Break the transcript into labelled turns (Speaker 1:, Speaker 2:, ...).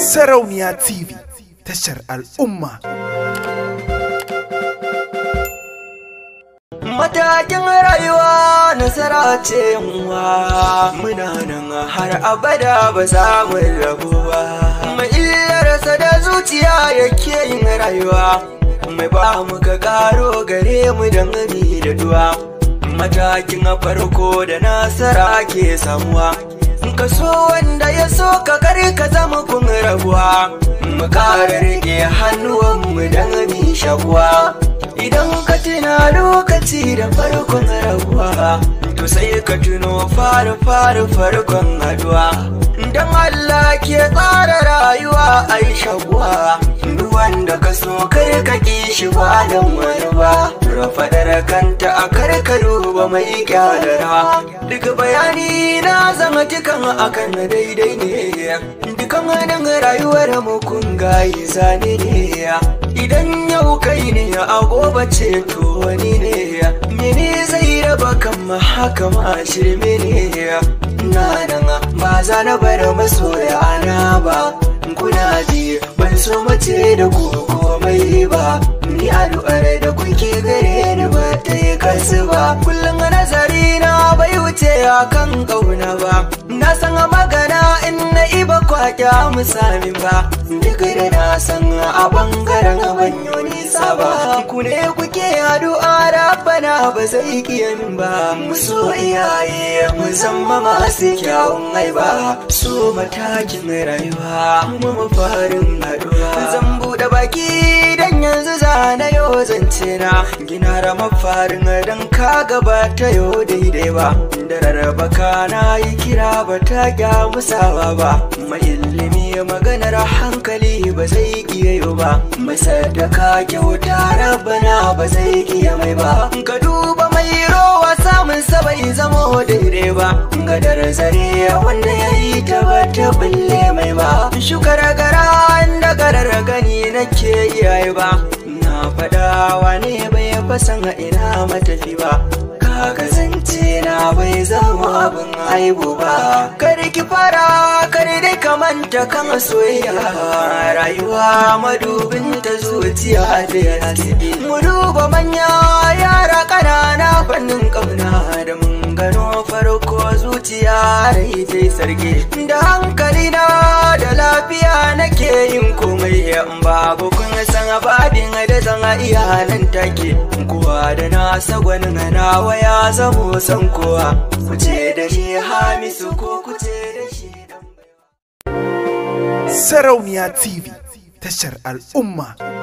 Speaker 1: Sarauniya TV tashar al'umma. Matakin rayuwa nasara ce muna nan har abada ba za mu rabu ba. Mai illarsa da zuciya yake yin rayuwa, mai ba mu ka karo gare mu dangane da duwa. matakin farko da nasara ke samuwa kaso ka so wanda ya so ka kare ka zama kun rabuwa mu ƙara rike hannuwanmu don bi shaguwa idan ka tuna lokaci da farkon rabuwa to sai ka tuno faru faru farkon haduwa don Allah ke tsara rayuwa ai shagwa Daga ka so kar ka ki shi ba dan wani ba rafadar kanta a kar mai kyalara duk bayani na zama tikan akan na daidai ne dukan hannun rayuwar mu kun gayi zane ne idan yau kai ne a gobe ce to wani ne mene zai raba kan haka ma shirme ne na nan ba za na bar masoya na ba so mace da ku komai ba ni addu'ar da kuke gare ni ba ta yi kasu ba kullum nazari na bai wuce kan ƙauna ba na san magana in na iba kwakya mu ba duk da na san a banga ba ku ne kuke a rabana ba zai min ba musu iyaye mu zama masu kyawun aiba So matakin rayuwa kuma mafarin haduwa zan buɗe baki dan yanzu zana yau zance na gina rama mafarin dan ka gaba ta yau daidai ba da rarraba kana yi kira ba ta gya musawa ba mai ilimi maganar hankali ba zai iya ba da ka kyauta rabana ba zai iya mai ba ka duba mai rowa samun saba in zamo daidai ba gadar zare wanda ya yi ta ba ta mai ba shukar gara inda garar gani nake iyaye ba na faɗawa ne bai fasan ina matafi ba kasance na bai zama abin aibu ba kare ki fara kare dai ka manta kan soyayya rayuwa madubin ta zuciya da yasibi mu duba manya yara ƙanana fannin ƙauna da mun gano farko zuciya rai ta sarge da hankali na da lafiya nake yin iya in ba ku kun san ababin da zan iya halin take kuwa da na sagwanin na ya zamo san kowa ku ce da shi hamisu ko ku ce da shi Sarauniya TV tashar al'umma.